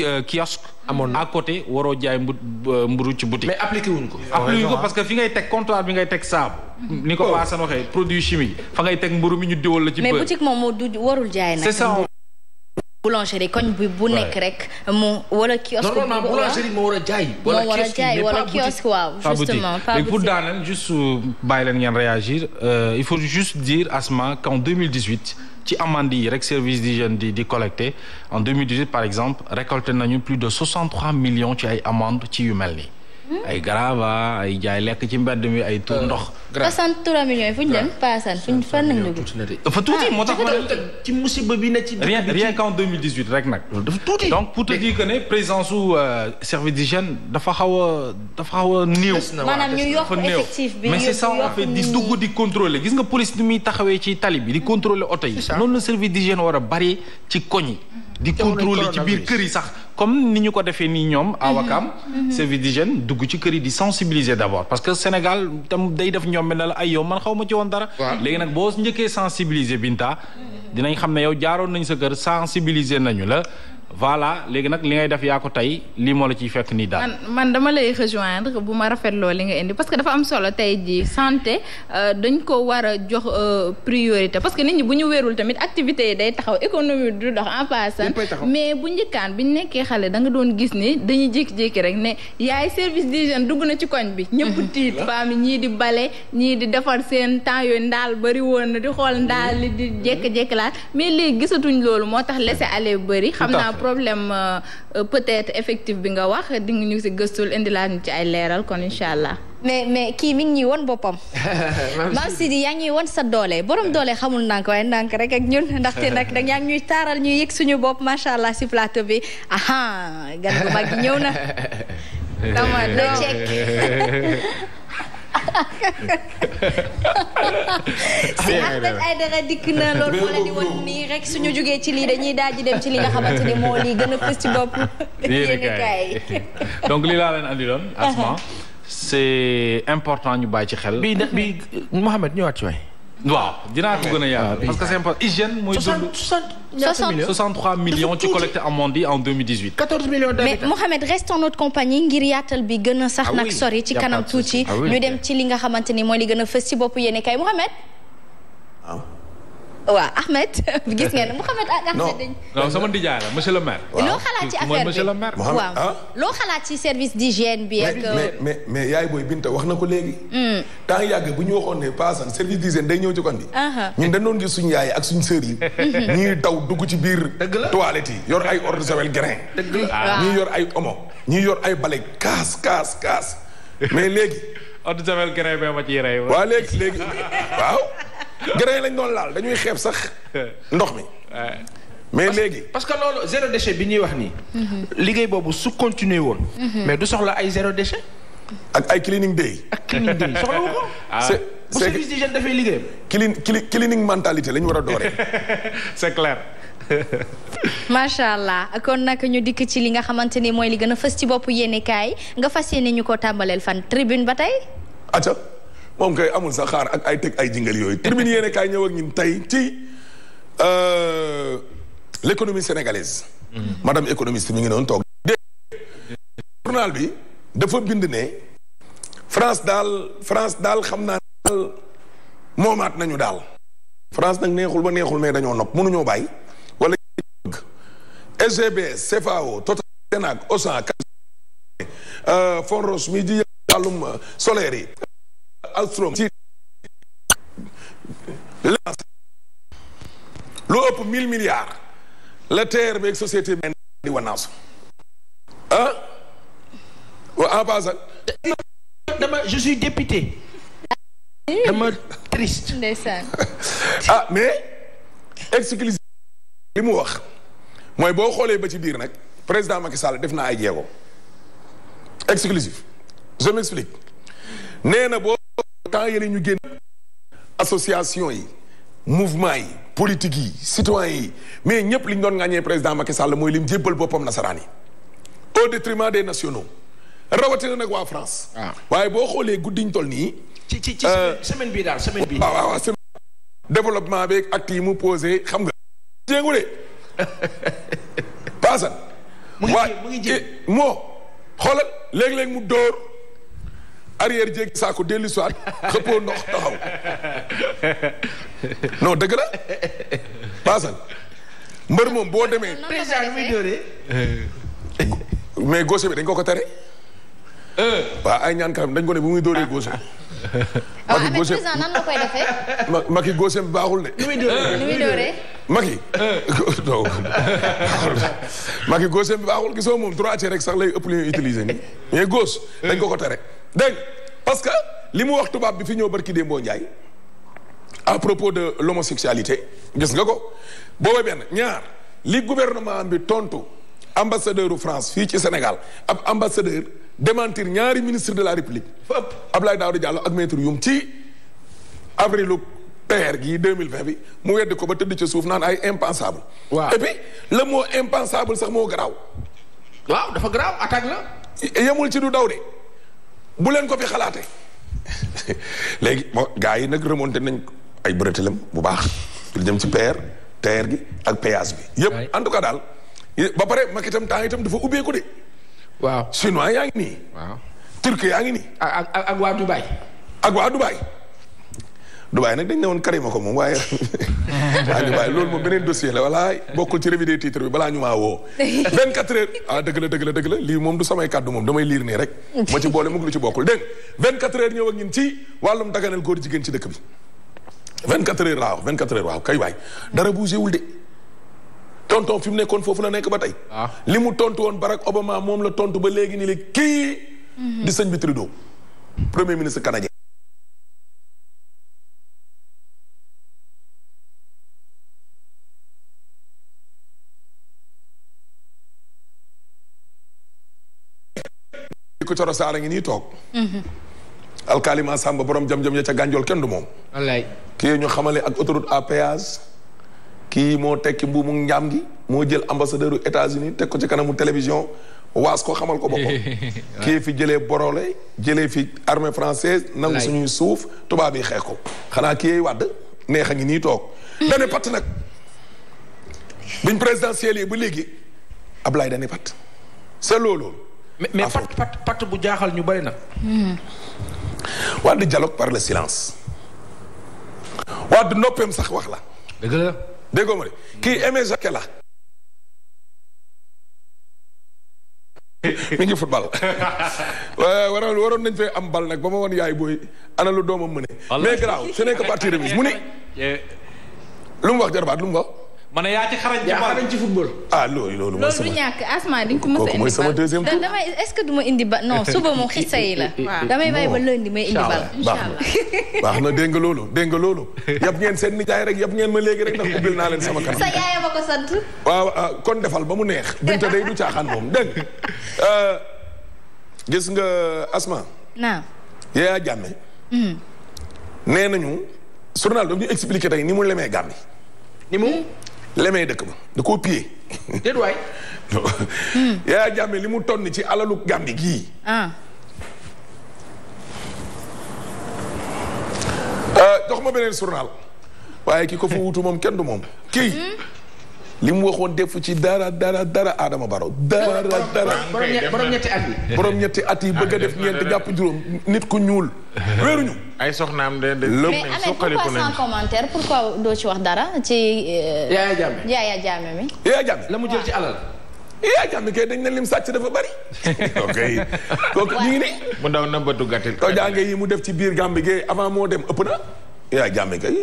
Euh, kiosque amoon na à côté waroo jaay mbu euh, mburu ci boutique. mais appliqué wuñ ko. Ah, appliqué ko parce que fi ngay teg comptoir bi ngay teg saabu. Hmm. ni ko waa oh. san waxee produit chimique fa ngay teg mburu mi ñu diwal la ci. mais boutique moom moo du warul jaay nag. boulangerie koñ bi bu nekk rek mu wala kiosque normalement boulangerie moo war a jaay wala kiosque jaay wala kiosque waaw justement pas boutique pour daaneel juste bàyyi leen ngeen réagir euh, il faut juste dire Asma qu'en 2018 ci amande yi rek service d'hygiène di di collecté en 2018 par exemple récolté nañu plus de 63 millions ci ay amande ci yu mel ni hmm? ay grava ay jaay lekk ci mbedd mi ay tur euh. ndox 60 3 millions fu ñu dem paasan fu ñu fan nañ dafa tuuti ah, moo tax ci ne ci rien euh, a dafa xaw a bi mais c'est di dugg di contrôler gis nga police ni muy taxawee ci tali bi di mm-hmm. contrôler oto yi noonu la service d'hygiène war a bari ci koñ yi mm-hmm. di contrôler ci biir kër yi sax comme ni ñu ko defee nii ñoom awakam mm-hmm. service d'hygiène dugg ci kër yi di sensibiliser d'abord parce que Sénégal day def ñoom tombé la ay yow man xaw ma ci woon dara. léegi nag boo njëkkee sensibiliser Binta. dinañ xam ne yow jaaroon nañ sa kër sensibiliser ñu la. voilà léegi nag li ngay def yaa ko tey lii moo la ciy fekk nii daal. man dama lay rejoindre bu ma rafetloo li nga indi parce que dafa am solo tey jii santé euh, dañ ko war a jox euh, priorité parce que nit ñi bu ñu wéerul tamit activité yi day taxaw économie du dox en passant. mais bu njëkkaan bi ñu nekkee xale da nga doon gis ni dañuy jékki-jékki rek ne yaay service d'hygiène dugg na ci koñ bi. ñëpp tiit famille ñii di bale ñii di defar seen temps yooyu ndaal bëri woon na di xool ndaal di mm-hmm. jékki-jékki laat mais léegi gisatuñ loolu moo tax laisser aller bëri problème euh, euh, peut-être effective bi nga wax di nga ñu si gëstul indilaat ñu ci ay leeral kon incha allah. mais mais kii mi ngi ñuy won boppam. maam Sidi yaa ngi ñuy sa doole borom doole xamul ndànk waaye ndànk rek ak ñun ndaxte nag da yaa ngi ñuy taaral ñuy yëg suñu bopp macha allah si plateau bi aha gan bu ñëw na. dama doon si Ahmed Aidara dikk na loolu moo leen di nii rek suñu jógee ci lii dañuy daal di dem ci li nga xamante ni moo lii gën a fës ci bopp yéen donc lii laa leen andi doon asma uh-huh. c'est important ñu bàyyi ci xel bi bi Mouhamed ñëwaat ci waay waaw dinaa ko gën a yaatal parce ci collecté amondi en 2018. 14 millions mais Mohamed reste en notre compagnie ngir a sax ah nag sori ah dem ci li nga xamante ni mooy li gën a fës ci bopp yéen kay Mohamed. Ah. waaw Ahmed gis ngeen ne Mouhamed Ahmed sama ndijaay la monsieur le maire. loo xalaat ci affaire bi monsieur le maire. waaw loo xalaat ah? bi ak. mais mais yaay booy Binta wax na ko léegi. Hmm. temps yàgg bu ñu waxoon ne paasan service d'hygiène day ñëw ci ñu bi. Uh-huh. ñun doon gis suñu yaay ak suñu sœur yi. ñuy daw dugg ci biir. toilette yi yor ay eau de ñu yor ay omo. ñu yor ay bale kaas kaas kaas mais léegi. eau de javel grain bee ma ciy rey. waaw. grain lañ doon laal dañuy xeeb sax ndox mi. mais léegi parce que loolu zéro déchet bi ñuy wax nii. liggéey boobu su continuer woon. mais du soxla ay zéro déchet. ak ay cleaning day. ak cleaning day soxla wu ko. Ah. c'est bu service cleaning mentalité lañ war a dooree. c'est clair. macha allah kon nag ñu dikk ci li nga xamante ni mooy li gën a fas ci bopp yéene kaay nga fas yéene ñu ko tàmbaleel fan tribune ba tey. moom kay amul sa xaar ak ay teg ay jingal yooyu termine yéene kaay ñëw ak ñun tey ci euh, l'économie sénégalaise mm-hmm. madame économiste mu ngi noonu toog journal bi dafa bind ne France daal France daal xam naa daal moomaat nañu daal France nag neexul ba neexul mais dañoo nopp mënuñoo bàyyi wala SGBS CFAO Total Senac euh, mi ji wàllum euh, solaire yi Alstrom ci lens lu ëpp mille milliards la TER beeg société bi di wanaasu ah wa en passant dama je suis député dama triste ah mais exclusif li mu wax mooy boo xoolee ba ci biir nag président Macky Sall def na ay jéego exclusif je m'explique nee na boo temps yële ñu génn association yi mouvement yi politique yi citoyen yi mais ñëpp li ñu doon ŋàññee président Macky Sall mooy mu jébbal boppam nasaraan yi au triment des nationaux rawatina nag waa France. Ah. waaye boo xoolee guddi ñu toll nii. ci ci ci euh, semaine bii daal semaine bii. waaw waaw développement beeg acte yi mu pose xam nga. jéegu de paasan. mu ngi jéem mu ngi jéem moo xoolal léeg-léeg mu dóor. arrière jéegi saako dellu si waat xëppoo ndox taxaw non dëgg la paasal mbër moom boo demee. président muy dóoree. mais gauche bi dañ ko ko tere. Euh. waa ay ñaan dañ ko ne muy dóoree gauche bi. waaw ah, ah, ma Macky gauche bi baaxul de. nu muy dóoree euh, nu muy dóoree. Macky. Euh. bi baaxul gisoo moom droitier rek sax lay ëpp li ñuy utiliser nii mais gauche dañ ko ko tere. dégg parce que li mu wax tubaab bi fi ñëw barki Dembo Ndiaye a propos de l'homosexualité gis nga ko boobee benn ñaar li gouvernement bi tontu ambassadeur u France fii ci Sénégal ab ambassadeur démentir ñaari ministre de la République fëpp daaw Daouda Diallo ak maître Youm ci avrilu PR gi 2020 bi mu weddi ko ba tëdd ci suuf naan ay impensable waaw et puis le mot sax moo garaaw waaw dafa garaaw attaque la yemul ci du daw de bu leen ko fi xalaate léegi moo gars yi nag remonté nañ ay bërëtëlam bu baax lu jëm ci peer teer gi ak péage bi yëpp en tout cas daal ba pare mag itam temps itam dafa ubbeeku de waaw chinois yaa ngi nii waaw yaa ngi nii ak ak waa Dubaï ak waa Dubaï Dubaay nag dañ ne woon Karima ko moom waaye ah Dubaay loolu moom beneen dossier la voilà bokkul ci revue des titres bi balaa ñu maa woo. 24 heures ah dëgg la dëgg la dëgg la lii moom du samay kàddu moom damay liir nii rek ma ci boole mu lu ci bokkul dégg 24 heures ñëw ak ñun ci wàllum daganal góor jigéen ci dëkk bi. 24 heures laa wax 24 heures waaw kay waay dara bougé wul de tonton fi mu nekkoon foofu la nekk ba tey. Ah. li mu tontu woon Barack Obama moom la tontu ba léegi nii la kii. Mhm. di sëñ bi Trudeau premier ministre canadien. di ko coro saara ngi nii toog alkaalima sàmba borom jam-jam ya ca gànjool kenn du moom wallaay kii ñu xamale ak autoroute à kii moo tekki mbuumu njaam gi moo jël ambassadeur u unis teg ko ci kanamu télévision waas ko xamal ko boppam kii fi jëlee borole jëlee fi armée française nangu suñuy suuf tubaab yi xeex ko xanaa kii wàdd neex a ngi nii toog dane patt nag biñ présidentiel yi ba léegi Ablaye dane patt c'est loolu mais pacte pacte pacte bu jaaxal ñu bëri nag. Hmm. waa dialogue par le silence. waa du noppeem sax wax la. dëgg la déggoo ma de kii Aimé Jacquet la. ngi football waroon nañ fee am bal nag ba ma woon yaay booy ana lu doomam mëne mais grave ce n'est que partie remise mu ni. Eh. lu wax jarbaat lu wax. ma ne yaa ci xarañ ci xarañ ci football. ah mooy sama loolu du ñàkk asma a indi. mooy ma ba non suba moom xisa yi dégg nga loolu dégg nga loolu. yab ngeen seen rek yab ngeen ma léegi rek ndax ubbil sama kanam. sa yaay ma ko ah, kon defal ba mu neex. Binta day du caaxaan moom dégg ah, gis nga asma. naam. jàmme. Hmm. nee nañu journal bi ñu expliqué tey ni mu lemee Gambie. ni mu. lemee dëkk ba da koo piyee. déet jàmme li mu tonni ci alalu Gàmbi gii. ah. Euh, jox ma beneen journal waaye ki ko fa wutu moom kenn du moom kii. li mu waxoon def ci dara dara dara aadama Barrow. dara dara borom ñetti at yi. bëgg a def ñeent jàpp juróom nit ku ñuul wéeruñu. ay soxnaam de de. mais Ameth pourquoi sans commentaire pourquoi doo ci wax dara ci. Euh, Yaya Jammeh mi. Yaya Jammeh la mu jël ci alal. Yaya Jammeh kay dañ ne lim sàcc dafa bari. ñu ngi nii. mu daw na mu def ci biir Gàmbi gi avant moo dem ëpp na. Yaya kay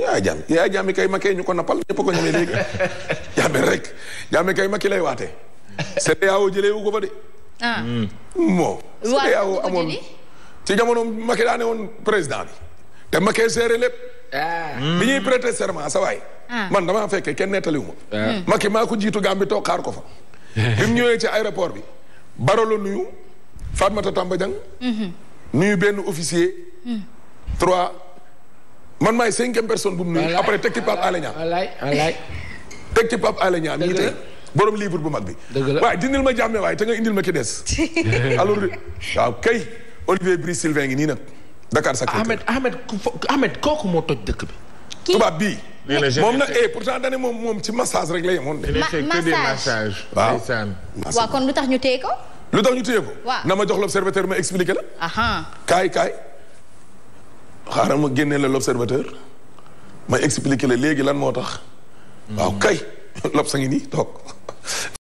Yaya Jammeh ko nappal ko ñemee léegi. Jammeh rek Jammeh kay ma ki lay waatee. CEDEAO jëlee wu ko ba de. ah. Hmm. bon CEDEAO amoon. si jamono Macky daa ne woon président bi te Macky géré lépp. Ah. bi ñuy prêter serment sa waay. Ah. man damaa fekkee kenn nettaliwuma. Ah. Hmm. Macky maa ko jiitu Gambie toog xaar ko fa. bi mu ñëwee ci aéroport bi. Baro la nuyu Fatmata Tamba Diang. Mhm. nuyu benn officier. Hmm. trois man maay cinquième personne bu mu nuyu. après teg ci Pape Alé Niang. teg ci Pape ale Niang mii tey. borom bu mag bi. dëgg la waaye dindil ma jàmme waaye te nga indil ma ki des. alors waaw kay. Olivier Brice Sylvain ngi nii nag. Dakar Sacré-Cœur Ahmed Ahmed kooku moo toj dëkk bi. kii tubaab bii. moom na eh pourtant dañu moom moom ci massage rek la yemoon. massage waaw waaw kon lu tax ñu téye lu tax ñu téye ko. na ma jox l'observateur ma expliqué la. Ah, ah. kaay kaay xaaral ma génne la l'observateur ma expliqué la léegi lan moo tax. waaw kay l'obs a ngi nii toog.